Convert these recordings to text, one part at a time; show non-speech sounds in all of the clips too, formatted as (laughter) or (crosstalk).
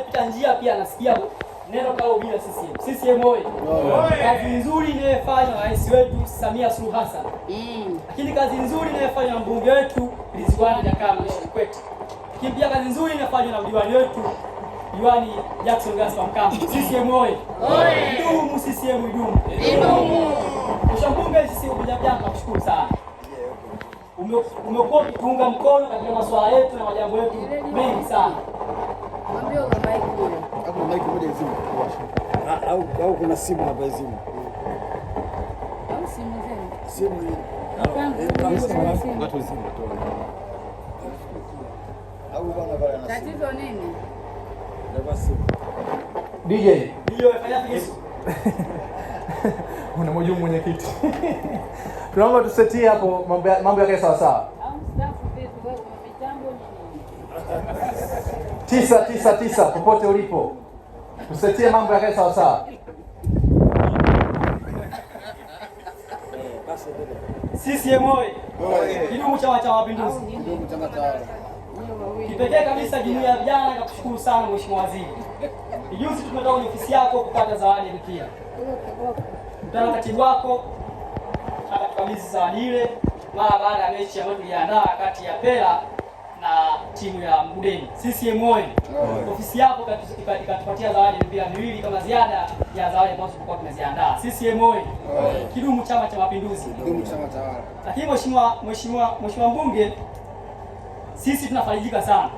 anayepita njia pia anasikia neno kama bila CCM. CCM oye! Kazi nzuri inayofanywa rais wetu Samia Suluhu Hassan, mm. lakini kazi nzuri inayofanywa na mbunge wetu Ridhiwani Jakaya Mrisho Kikwete, lakini pia kazi nzuri inayofanywa na mdiwani wetu Diwani Jackson Gaspar Mkambo. CCM oye! Idumu CCM, idumu! Mheshimiwa Mbunge, sisi Bujabjanga tunakushukuru sana umekuwa ukiunga mkono katika masuala yetu na majambo yetu mengi sana izimu ah, au, au kuna simu hapa eh, DJ (laughs) mwenyekiti, (laughs) tunaomba tusetie hapo mambo yake sawa sawa. tisa tisa tisa, popote ulipo usitie mambo yake sawa sawa. CCM Kidumu Chama cha Mapinduzi! Kipekee kabisa jumuiya ya vijana nakushukuru sana mheshimiwa waziri. Juzi tumetoka kwenye ofisi yako kupata zawadi ya Bikia, mtana katibu wako akatukabidhi zawadi ile mara baada ya mechi ambayo tuliandaa kati ya Pela timu ya Mgudeni CCM oye! Ofisi yako ikatupatia zawadi mipira miwili kama ziada ya zawadi ambazo tulikuwa tumeziandaa. CCM oye! Kidumu Chama cha Mapinduzi, kidumu chama tawala. Lakini mheshimiwa, mheshimiwa, mheshimiwa mbunge, sisi tunafarijika sana,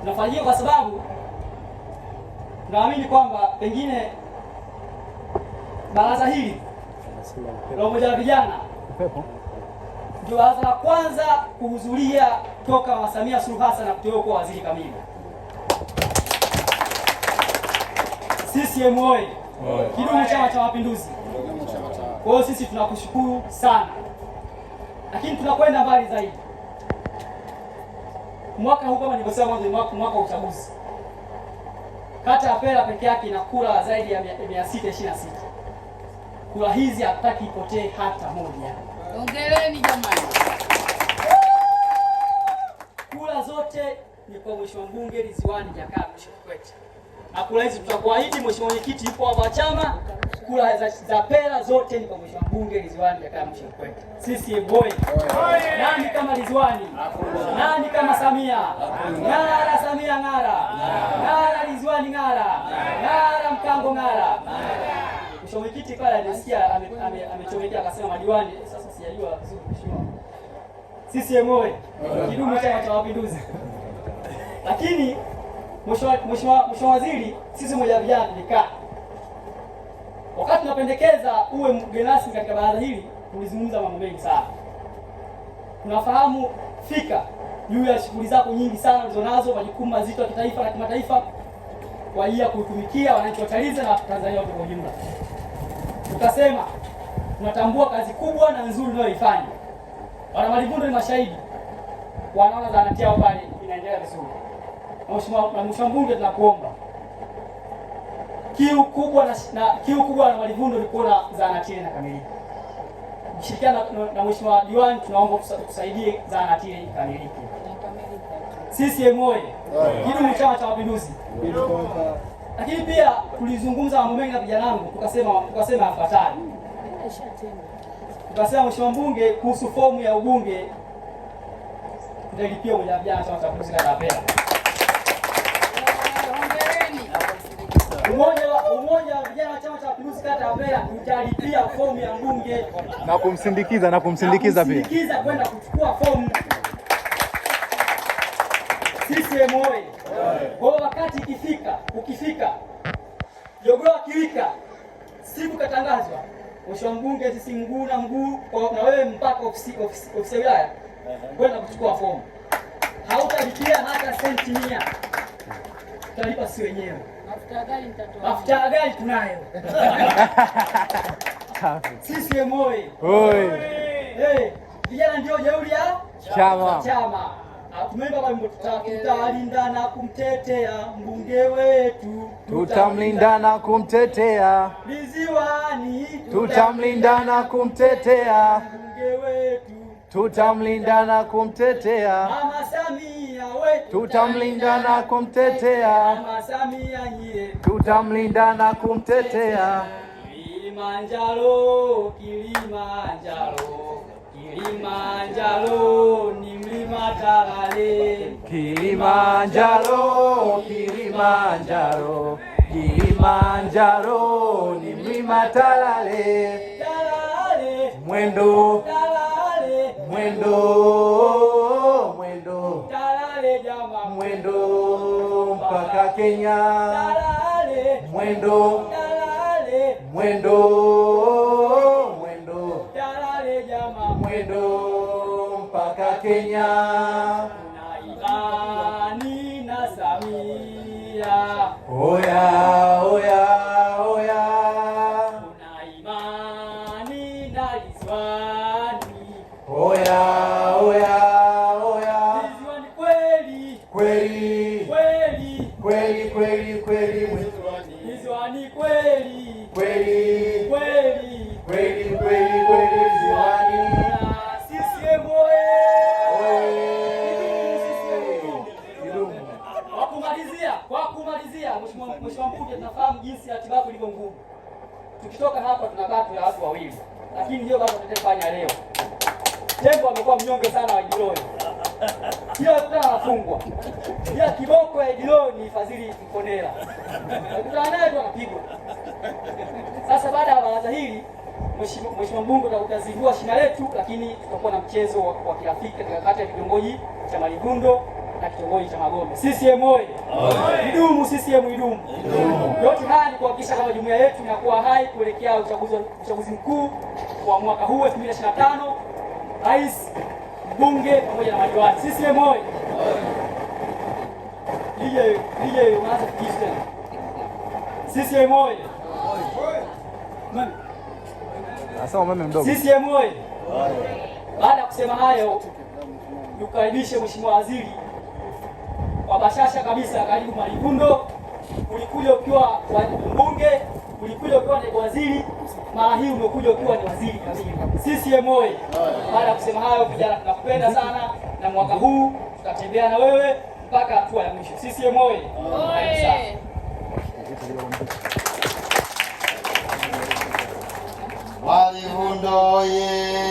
tunafarijika kwa sababu tunaamini kwamba pengine baraza hili la umoja wa vijana ndio wazo la kwanza kuhudhuria kutoka wa Samia Suluhu Hassan na kuteuliwa kuwa waziri kamili. CCM oye Kidumu Chama cha Mapinduzi! Kwa hiyo sisi tunakushukuru sana, lakini tunakwenda mbali zaidi. Mwaka huu kama nilivyosema mwanzo, mwaka wa uchaguzi, kata ya Pela peke yake ina kura zaidi ya 626. Kura hizi hatutaki ipotee hata moja. Ongeleni jamani. Kura zote ni kwa mheshimiwa mbunge Ridhiwani Jakaya Mrisho Kikwete, na kura hizi tutakuahidi, mheshimiwa mwenyekiti, yupo hapa chama, kura za, za pera zote ni kwa mheshimiwa mbunge Ridhiwani Jakaya Mrisho Kikwete. Sisi boy, nani kama Ridhiwani? Nani kama Samia? Ngara Samia ngara, ngara Ridhiwani ngara, ngara Mkango ngara. Mheshimiwa mwenyekiti pale alisikia amechomekea, akasema madiwani CCM oye Kidumu Chama cha Mapinduzi! Lakini mheshimiwa waziri, sisi moja vijana tulikaa wakati tunapendekeza uwe mgeni rasmi katika baraza hili, tulizungumza mambo mengi sana. Tunafahamu fika juu ya shughuli zako nyingi sana ulizonazo, majukumu mazito ya kitaifa na kimataifa kwa ajili ya kuitumikia wananchi wa Chalinze na Tanzania kwa ujumla. Tukasema tunatambua kazi kubwa na nzuri unayoifanya Wana malivundo ni mashahidi, wanaona zahanati yao pale inaendelea vizuri. Mheshimiwa Mbunge, tunakuomba kiu kubwa na, na kiu kubwa na Maligund ulikuona zahanati ile inakamilika. Mshirikiana na, na Mheshimiwa Diwani, tunaomba tusaidie zahanati ile ikamilike. Sisi oyee! Hili ni Chama cha Mapinduzi. Lakini pia tulizungumza mambo mengi na vijana wangu, tukasema tukasema yafuatayo Tukasema mheshimiwa mbunge, kuhusu fomu ya ubunge tutalipia mwenye ajaa chama cha mapinduzi kata ya Mbeya. Umoja wa vijana chama cha mapinduzi kata ya Mbeya tutalipia fomu ya mbunge na kumsindikiza na kumsindikiza pia kumsindikiza kwenda kuchukua fomu CCM oye! Kwa wakati ikifika, ukifika Jogoo akilika siku katangazwa mheshimiwa mbunge sisi mguu na mguu na wewe mpaka ofisi ofisi ya wilaya kwenda kuchukua fomu, hautalipia hata senti mia, utalipa si wenyewe, mafuta ya gari tunayo sisi. Oye vijana, ndio jeuri ya chama tutamlindana kwa tutalinda na kumtetea mbunge wetu, tutamlinda na kumtetea Liziwani, tutamlinda na kumtetea mbunge wetu, tutamlinda na kumtetea Mama Samia wetu, tutamlinda na kumtetea Mama Samia yeye, tutamlinda na kumtetea Kilimanjaro, Kilimanjaro Kilimanjaro ni mlima talale. Kilimanjaro, Kilimanjaro, Kilimanjaro ni mlima talale. Talale. Mwendo. Talale. Mwendo. Mwendo. Talale jama. Mwendo mpaka Kenya. Talale. Mwendo. Talale. Mwendo mwendo mpaka Kenya, na imani na Samia. Oya, oya, oya, na imani na Rizwani. Oya, oya, oya, Rizwani kweli kweli kweli kweli kweli kweli, Rizwani kweli kweli Kwa kumalizia, kwa kumalizia, Mheshimiwa Mbunge, tunafahamu jinsi atibabu ilivyo ngumu. Tukitoka hapa tunabaki na watu wawili, lakini hiyo bado tutafanya leo. Tembo amekuwa mnyonge sana wa Jiloni, kila kutana anafungwa, kila kiboko ya Jiloni Fadhili Mponela akutana naye tu anapigwa. Sasa baada ya baraza hili Mheshimiwa Mbunge utazindua shina letu, lakini tutakuwa na mchezo wa kirafiki katika kata ya kitongoji cha Maligundo na kitongoji cha Magome. CCM oyee! Idumu CCM, idumu! Yote haya ni kuhakikisha kama jumuiya yetu inakuwa hai kuelekea uchaguzi mkuu wa mwaka huu 2025, rais, mbunge pamoja na madiwani. CCM oyee! Unaanza CCM kitu Asa CCM mdogo. CCM oyee! Baada ya kusema hayo, nikukaribishe Mheshimiwa Waziri kwa bashasha kabisa, karibu Malikundo, ulikuja ukiwa mbunge, ulikuja ukiwa ni waziri, mara hii umekuja ukiwa ni waziri kabisa. CCM oyee! Baada ya kusema hayo, vijana tunakupenda sana, na mwaka huu tutatembea na wewe mpaka hatua ya mwisho. CCM oye Malikundo oyee!